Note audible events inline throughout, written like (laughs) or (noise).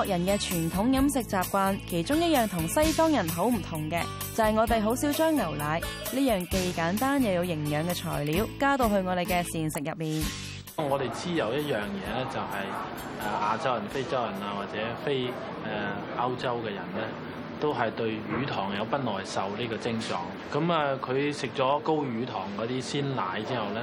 國人嘅傳統飲食習慣，其中一樣同西方人好唔同嘅，就係、是、我哋好少將牛奶呢樣既簡單又有營養嘅材料加到去我哋嘅膳食入面。我哋知有一樣嘢咧、就是，就係亞洲人、非洲人啊，或者非誒、呃、歐洲嘅人咧，都係對乳糖有不耐受呢個症狀。咁啊，佢食咗高乳糖嗰啲鮮奶之後咧。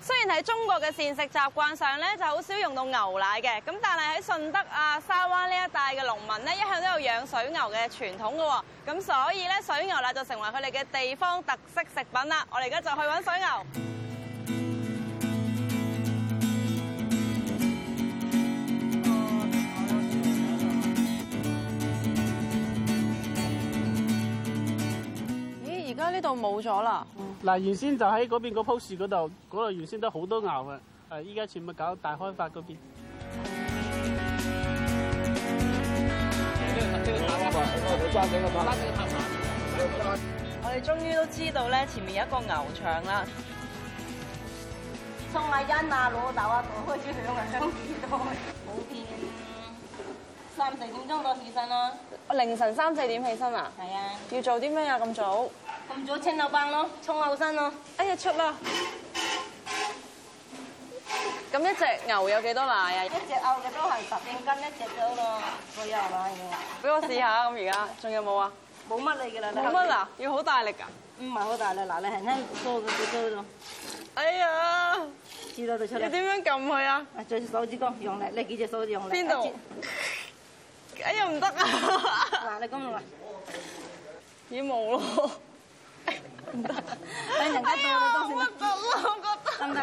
雖然喺中國嘅膳食習慣上咧，就好少用到牛奶嘅，咁但係喺順德啊、沙灣呢一帶嘅農民咧，一向都有養水牛嘅傳統嘅，咁所以咧，水牛奶就成為佢哋嘅地方特色食品啦。我哋而家就去搵水牛。咦！而家呢度冇咗啦。嗱，原先就喺嗰邊嗰樖樹嗰度，嗰度原先都好多牛啊！誒，依家全部搞大開發嗰邊。我哋終於都知道咧，前面有一個牛場啦。宋亞欣啊，老豆啊，我開始響響幾多？冇片。三四點鐘到起身咯。凌晨三四點起身啊，啊，啊？係啊。要做啲咩啊？咁早？撳咗青牛棒咯，沖牛身咯，哎呀出啦！咁一隻牛有幾多奶啊？一隻牛嘅都係十零斤一隻咗咯，咁又係嘛嘢？俾我試下咁而家，仲有冇啊？冇乜力噶啦，冇乜嗱，要好大力噶？唔係好大力嗱，你係呢縮咗隻腳咯。哎呀，知道就出嚟。你點樣撳佢啊？啊，用手指公用力，你幾隻手指用力？邊度？哎呀唔得啊？嗱，你咁啦，已經冇咯。唔不、 (laughs) 哎、得，你等下幫我幫我，唔得。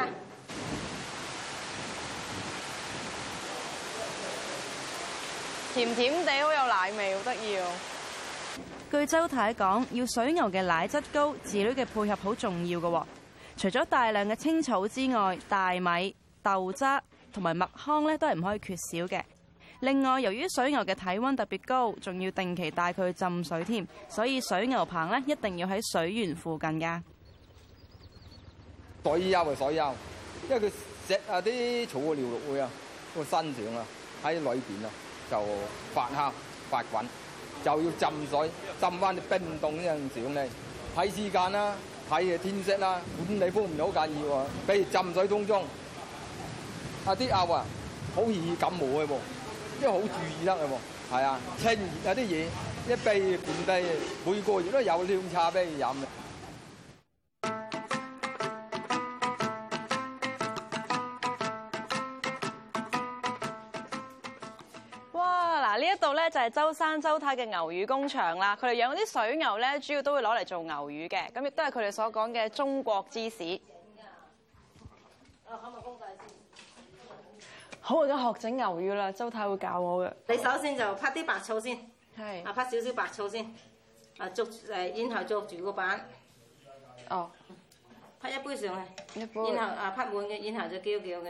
甜甜地好有奶味，好得意哦。據周太講，要水牛嘅奶質高，飼料嘅配合好重要嘅喎。除咗大量嘅青草之外，大米、豆渣同埋麥糠咧，都係唔可以缺少嘅。另外，由於水牛嘅體温特別高，仲要定期帶佢浸水添，所以水牛棚咧一定要喺水源附近嘅。對水休啊水休，因為佢食啊啲草料落去啊，個身上啊喺裏邊啊就發酵發滾，就要浸水浸翻啲冰凍嗰陣時用咧，睇時間啦，睇嘅天色啦，管理方面好緊要喎。譬如浸水途中，啊啲牛啊好易感冒嘅喎。即係好注意得嘅喎，係啊，清熱有啲嘢，一杯半俾每個月都有靚茶俾你飲嘅。哇！嗱，呢一度咧就係周生周太嘅牛乳工場啦，佢哋養嗰啲水牛咧，主要都會攞嚟做牛乳嘅，咁亦都係佢哋所講嘅中國芝士。的啊，係咪公仔？好，我而家學整牛乳啦。周太會教我嘅。你首先就拍啲白醋先，係啊是，拍少少白醋先。啊，做誒，然後做住個板。哦。Oh. 拍一杯上去，杯然後啊，拍滿嘅，然後就攪攪嘅，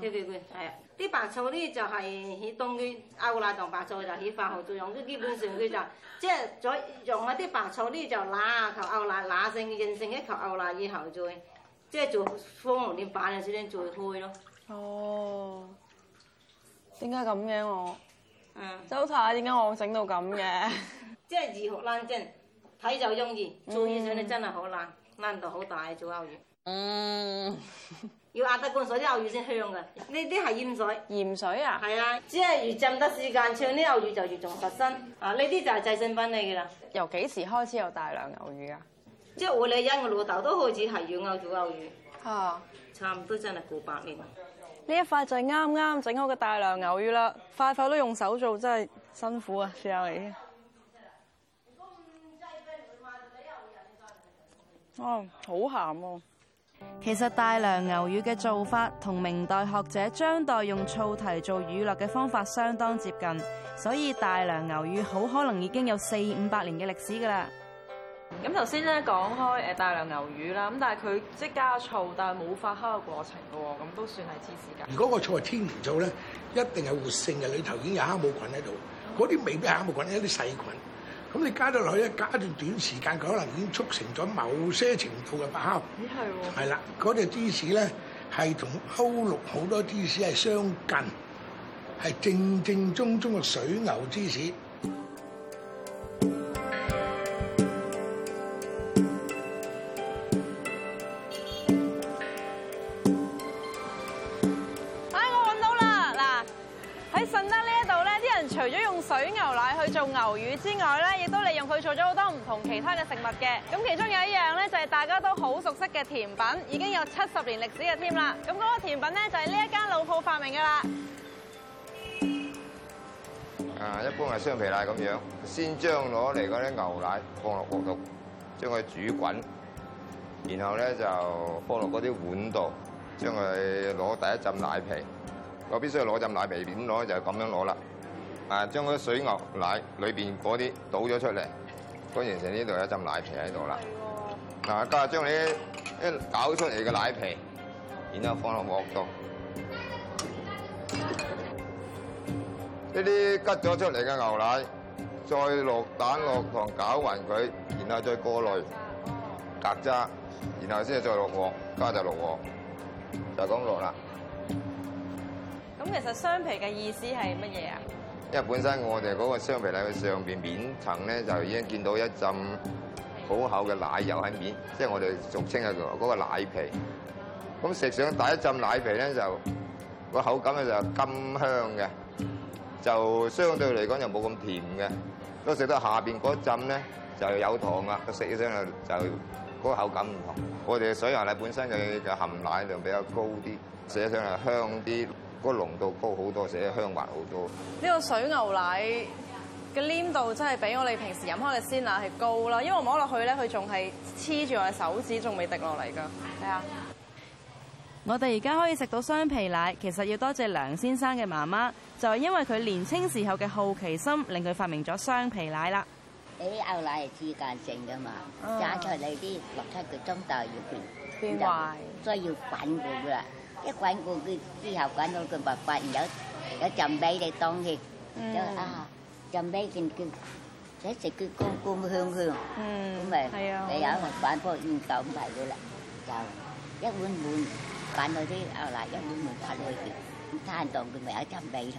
攪攪佢係啊。啲白醋呢就係起凍啲牛奶同白醋就起化學作用，都基本上佢就即係再用一啲白醋呢就揦一球牛奶，揦成佢形成一球牛奶，然後再即係做放落啲板上先再開咯。哦，點解咁嘅我？嗯，周查下點解我整到咁嘅？即係魚學冷靜，睇就容易，嗯、做起上嚟真係好難，難度好大做牛乳。嗯， (laughs) 要壓得罐水啲牛乳先香噶，呢啲係鹽水。鹽水啊？係 (laughs) 啊，只、就、係、是、越浸得時間長，啲牛乳就越重實身。啊，呢啲就係製成品嚟噶啦。由幾時開始有大量牛乳啊？即係我哋因我老豆都開始係要鰻做牛乳。啊，差唔多真係過百年。呢一塊就係啱啱整好嘅大良牛乳啦，塊塊都用手做真係辛苦啊！試下味先。哦，好鹹哦、啊。其實大良牛乳嘅做法同明代學者張岱用醋提做乳酪嘅方法相當接近，所以大良牛乳好可能已經有四五百年嘅歷史噶啦。咁頭先咧講開誒大量牛乳啦，咁但係佢即係加醋，但係冇發酵嘅過程嘅喎，咁都算係芝士噶。如果個醋係天然醋咧，一定係活性嘅，裏頭已經有酵母菌喺度。嗰啲，嗯、未必酵母菌，有啲細菌。咁你加咗落去咧，加一段短時間，佢可能已經促成咗某些程度嘅發酵。咦係喎。係啦、哦，嗰隻，那個、芝士咧係同歐陸好多芝士係相近，係正正宗宗嘅水牛芝士。牛乳之外咧，亦都利用佢做咗好多唔同其他嘅食物嘅。咁其中有一樣咧，就係大家都好熟悉嘅甜品，已經有七十年歷史嘅添啦。咁、那、嗰個甜品咧，就係呢一間老鋪發明噶啦。啊，一般係雙皮奶咁樣，先將攞嚟嗰啲牛奶放落鍋度，將佢煮滾，然後咧就放落嗰啲碗度，將佢攞第一浸奶皮。我必須要攞浸奶皮點攞？就咁樣攞啦。啊！將嗰啲水牛奶裏邊嗰啲倒咗出嚟，都形成呢度一浸奶皮喺度啦。嗱、哦，加將你一搞出嚟嘅奶皮，然後放落鑊度。呢啲吉咗出嚟嘅牛奶，再落蛋落糖攪勻佢，然後再過濾隔渣、嗯，然後先至再落鑊，加就落鑊，就咁落啦。咁其實雙皮嘅意思係乜嘢啊？因為本身我哋嗰個雙皮奶嘅上邊面層咧，就已經見到一浸好厚嘅奶油喺面，即係我哋俗稱嘅嗰個奶皮。咁食上第一浸奶皮咧，就個口感咧就甘香嘅，就相對嚟講就冇咁甜嘅。都食到下邊嗰浸咧，就有糖喇，食起身就嗰個口感唔同。我哋水牛奶本身就含奶量比較高啲，食起身係香啲。個濃度高好多，而且香滑好多。呢個水牛奶嘅黏度真係比我哋平時飲開嘅鮮奶係高啦，因為我摸落去咧，佢仲係黐住我嘅手指，仲未滴落嚟㗎。係啊，我哋而家可以食到雙皮奶，其實要多謝梁先生嘅媽媽，就係因為佢年青時候嘅好奇心，令佢發明咗雙皮奶啦。你啲牛奶係自然剩㗎嘛，假出你啲六七個鐘就係要變變壞，所以要滾佢㗎。一罐固基基效果都仲比較快，又又準備得乾淨，又準備成成，誒食佢香香，咁咪又有個反坡鹽糖排到啦，就一碗半反到啲牛奶，一碗半茶葉片，差唔多佢咪有一陣味咯。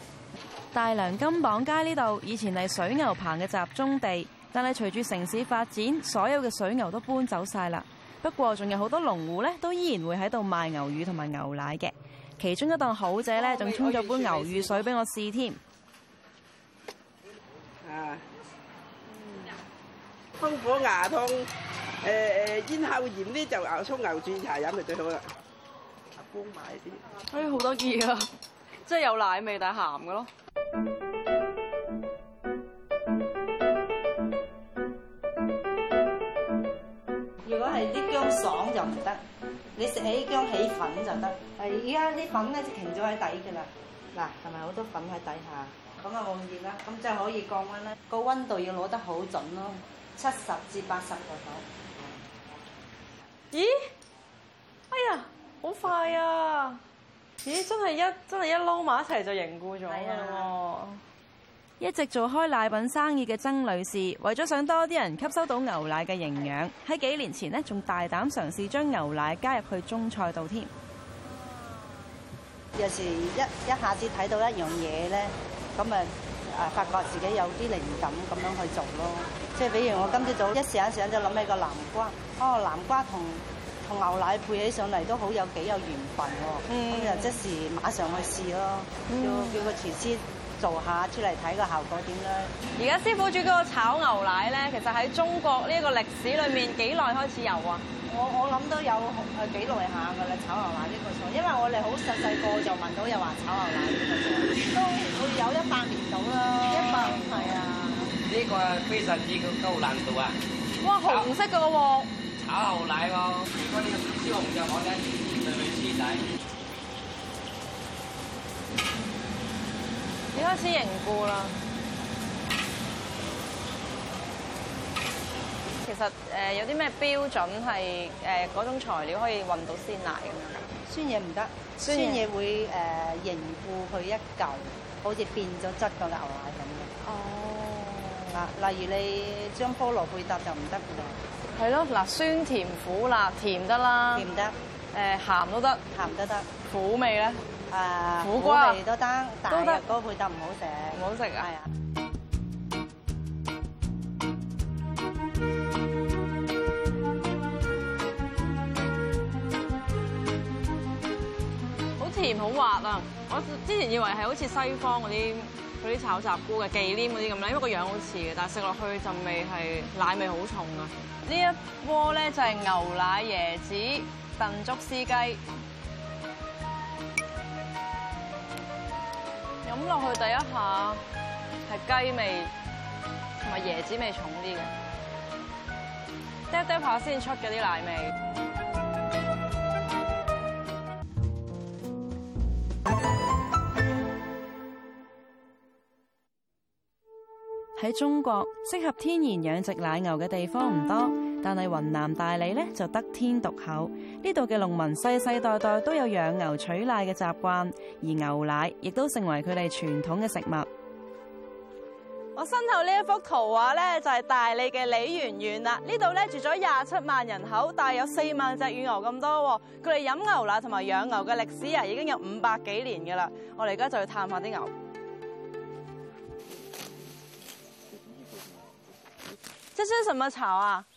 大良金榜街呢度以前係水牛棚嘅集中地，但係隨住城市發展，所有嘅水牛都搬走晒啦。不過仲有好多農戶咧，都依然會喺度賣牛乳同埋牛奶嘅，其中一檔好者咧，仲沖咗杯牛乳水俾我試添。啊，風、嗯、火牙痛，誒誒，咽喉炎呢，就熬沖牛乳茶飲咪最好啦。阿公買啲，哎好多嘢啊，即係有，有奶味但係鹹嘅咯。你食起薑起粉就得，係依家啲粉咧就停咗喺底噶啦，嗱係咪好多粉喺底下？咁啊冇咁熱啦，咁就可以降溫啦，個溫度要攞得好準咯，七十至八十個度。咦？哎呀，好快啊！咦，真係一真係一撈埋一齊就凝固咗㗎喎。哎一直做開奶品生意嘅曾女士，為咗想多啲人吸收到牛奶嘅營養，喺幾年前咧仲大膽嘗試將牛奶加入去中菜度添。有時一一下子睇到一樣嘢咧，咁啊啊發覺自己有啲靈感咁樣去做咯，即係比如我今朝早一醒醒就諗起個南瓜，哦南瓜同同牛奶配起上嚟，都好有幾有緣分喎，咁、嗯、就即時馬上去試咯，叫叫個廚師。嗯做下出嚟睇個效果點咧？而家師傅煮嗰個炒牛奶咧，其實喺中國呢個歷史裏面幾耐開始有啊？我我諗都有誒幾耐下㗎喇，炒牛奶呢個菜，因為我哋好細細個就聞到又話炒牛奶呢個菜，都會有一百年到啦，一百年？係啊！呢個非常之高難度啊！哇，紅色個炒牛奶喎！炒牛奶喎！如果奶喎！炒牛奶喎！炒牛奶喎！炒牛奶喎！奶開始凝固啦。其實誒有啲咩標準係誒嗰種材料可以混到鮮奶咁啊？酸嘢唔得，酸嘢會誒凝固佢一嚿，好似變咗質個牛奶咁嘅。哦。嗱，例如你將菠蘿配搭就唔得㗎啦。係咯，嗱，酸甜苦辣甜得啦。甜得。誒鹹都得，鹹得得。苦味咧？誒苦瓜，我哋都得，但係嗰個配搭唔好食，唔好食啊！係啊，好甜好滑啊！我之前以為係好似西方嗰啲嗰啲炒雜菇嘅忌廉嗰啲咁咧，因為個樣好似嘅，但係食落去陣味係奶味好重啊！呢一鍋咧就係牛奶椰子燉竹絲雞。落去第一下係雞味同埋椰子味重啲嘅，嗒嗒下先出嗰啲奶味。喺中國適合天然養殖奶牛嘅地方唔多。但係雲南大理咧，就得天獨厚，呢度嘅農民世世代代都有養牛取奶嘅習慣，而牛奶亦都成為佢哋傳統嘅食物。我身後呢一幅圖畫咧，就係、是、大理嘅洱源縣啦，這裡呢度咧住咗廿七萬人口，但係有四萬隻乳牛咁多，佢哋飲牛奶同埋養牛嘅歷史啊已經有五百幾年噶啦。我哋而家就去探下啲牛。這是什麼草啊？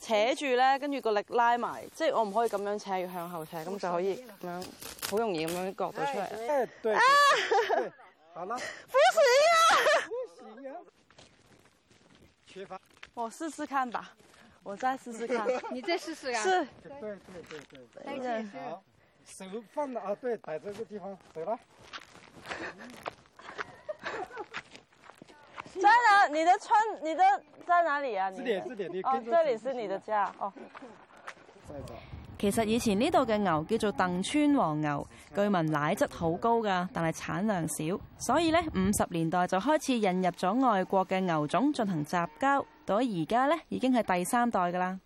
扯住咧，跟住個力拉埋，即係我唔可以咁樣扯，要向後扯，咁就可以咁樣好容易咁樣割到出嚟。對對對啊，hey, 好了，不行啊，不行啊，缺乏。我試試看吧，我再試試看， (laughs) 你再試試啊，是，對對對對，再見，好，手放到啊，對，擺這個地方，走吧 (laughs) 在哪？你的村，你的在哪裡啊？四點四點，哦，這裡是你的家哦。其實以前呢度嘅牛叫做鄧川黃牛，據聞奶質好高噶，但係產量少，所以呢，五十年代就開始引入咗外國嘅牛種進行雜交，到而家呢，已經係第三代噶啦。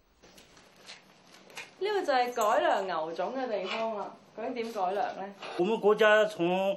呢個就係改良牛種嘅地方啦。究竟點改良呢？我們國家從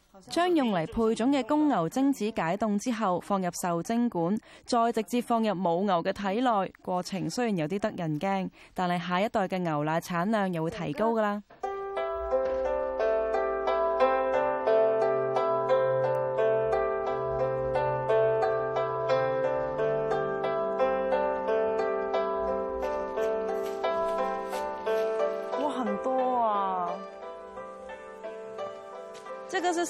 將用嚟配種嘅公牛精子解凍之後，放入受精管，再直接放入母牛嘅體內。過程雖然有啲得人驚，但係下一代嘅牛奶產量又會提高㗎喇。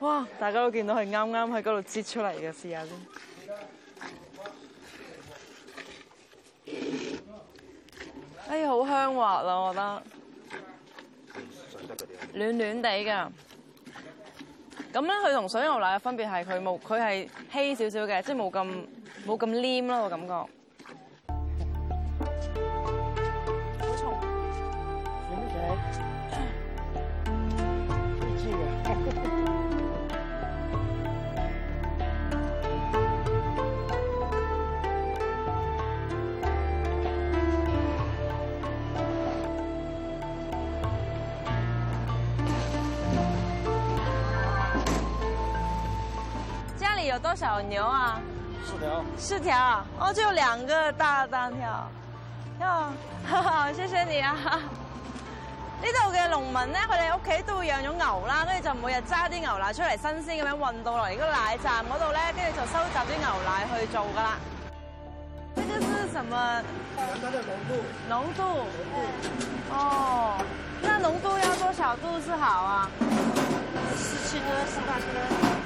哇！大家都見到係啱啱喺嗰度擠出嚟嘅，試下先。哎，好香滑啊！我覺得，暖暖地㗎。咁咧，佢同水牛奶嘅分別係佢冇，佢係稀少少嘅，即係冇咁冇咁黏咯，我感覺。有多少牛啊？四條。四條？哦，就有兩個大單條。喲、哦，謝謝你啊！呢度嘅農民咧，佢哋屋企都會養種牛啦，跟住就每日揸啲牛奶出嚟，新鮮咁樣運到嚟個奶站嗰度咧，跟住就收集啲牛奶去做噶啦。這個是什麼？羊奶的濃度。濃度。濃度。哦，那濃度要多少度是好啊？十、嗯、七度、十八度。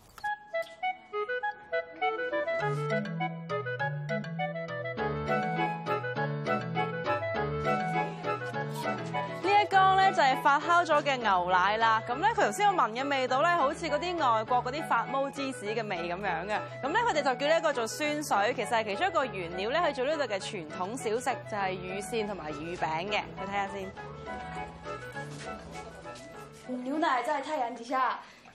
呢一缸咧就係發酵咗嘅牛奶啦，咁咧，佢頭先我聞嘅味道咧，好似嗰啲外國嗰啲發毛芝士嘅味咁樣嘅，咁咧佢哋就叫呢一個做酸水，其實係其中一個原料咧去做呢度嘅傳統小食，就係乳扇同埋乳餅嘅，去睇下先。牛奶在太陽底下。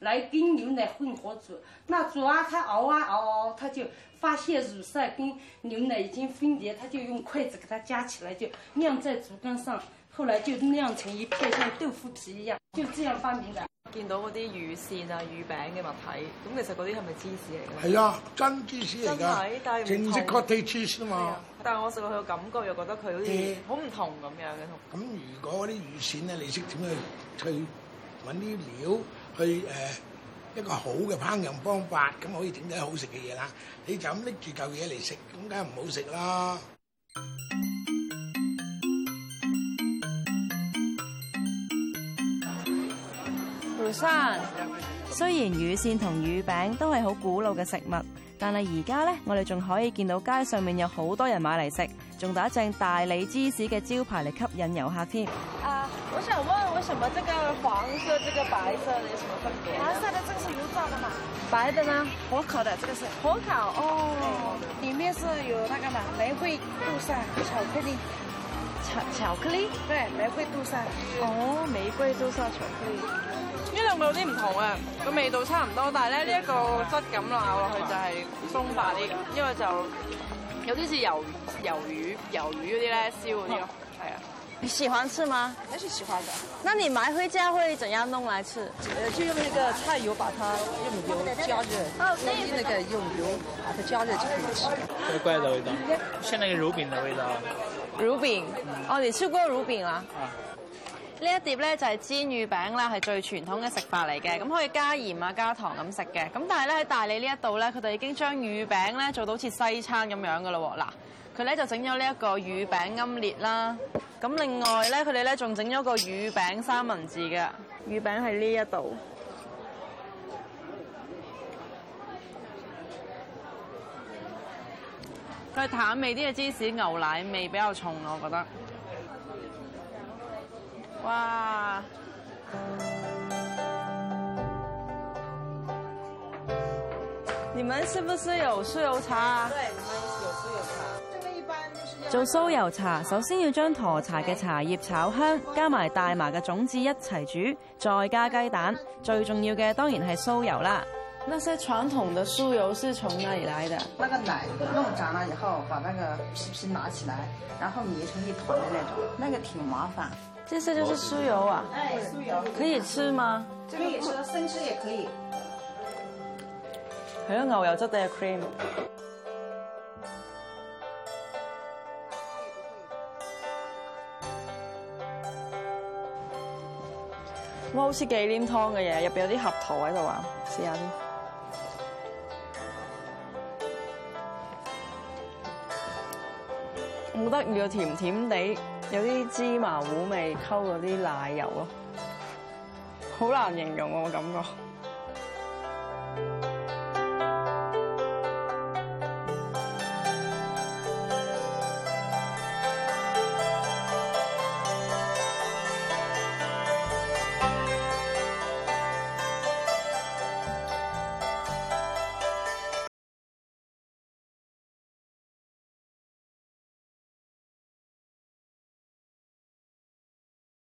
來跟牛奶混合煮，那煮啊，它熬啊熬熬、啊，它就發現乳酸跟牛奶已經分離，它就用筷子給它夾起來，就晾在竹竿上，後來就晾成一片像豆腐皮一樣，就這樣發明的。見到嗰啲乳扇啊、乳餅嘅物體，咁其實嗰啲係咪芝士嚟噶？係啊，真芝士嚟噶，正正確確芝士嘛。啊、但係我食落去嘅感覺又覺得佢好似好唔同咁樣嘅。咁、啊、如果嗰啲乳扇咧，你識點去去搵啲料？去誒一個好嘅烹飪方法，咁可以整啲好食嘅嘢啦。你就咁搦住嚿嘢嚟食，咁梗係唔好食啦。胡生，雖然乳扇同乳餅都係好古老嘅食物，但係而家咧，我哋仲可以見到街上面有好多人買嚟食，仲打正大理芝士嘅招牌嚟吸引遊客添。啊，我想問，為什麼這個黃色、這個白色咧？白的呢？火烤的，這個是火烤哦，對裏面是有那個嘛玫瑰豆沙巧克力，巧巧克力，對，玫瑰豆沙。哦，玫瑰豆沙巧克力。呢兩個有啲唔同啊，個味道差唔多，但係咧呢一對個質感咬落去就係鬆化啲，因為就有啲似魷魷魚、魷魚嗰啲咧燒嗰啲咯。你喜歡吃嗎？還是喜歡的？那你買回家會怎樣弄來吃？就用那個菜油把它用油加熱，哦、那用那個用油把它加熱就可以吃。怪怪的味道，像那個乳餅的味道乳卤餅哦，你吃過乳餅啦？啊，呢、啊、一碟咧就係煎魚餅啦，係最傳統嘅食法嚟嘅。咁可以加鹽啊，加糖咁食嘅。咁但係咧喺大理呢一度咧，佢哋已經將魚餅咧做到好似西餐咁樣噶咯。嗱，佢咧就整咗呢一個魚餅奄列啦。咁另外咧，佢哋咧仲整咗個乳餅三文治嘅，乳餅喺呢一度。佢淡味啲嘅芝士，牛奶味比較重，我覺得。哇！你們是不是有酥油茶？對。做酥油茶，首先要將駝茶嘅茶葉炒香，加埋大麻嘅種子一齊煮，再加雞蛋。最重要嘅當然係酥油啦。那些傳統的酥油是從哪裏來的？那個奶弄炸了以後，把那個皮皮拿起來，然後捏成一團的那種，那個挺麻煩。這些就是酥油啊？哎，酥油,酥油可以吃嗎？這邊也吃，生吃也可以。係咯，牛油質地嘅 cream。好似忌廉湯嘅嘢，入邊有啲核桃喺度啊！試下先，我覺得要甜甜地，有啲芝麻糊味，溝嗰啲奶油咯，好難形容我感覺。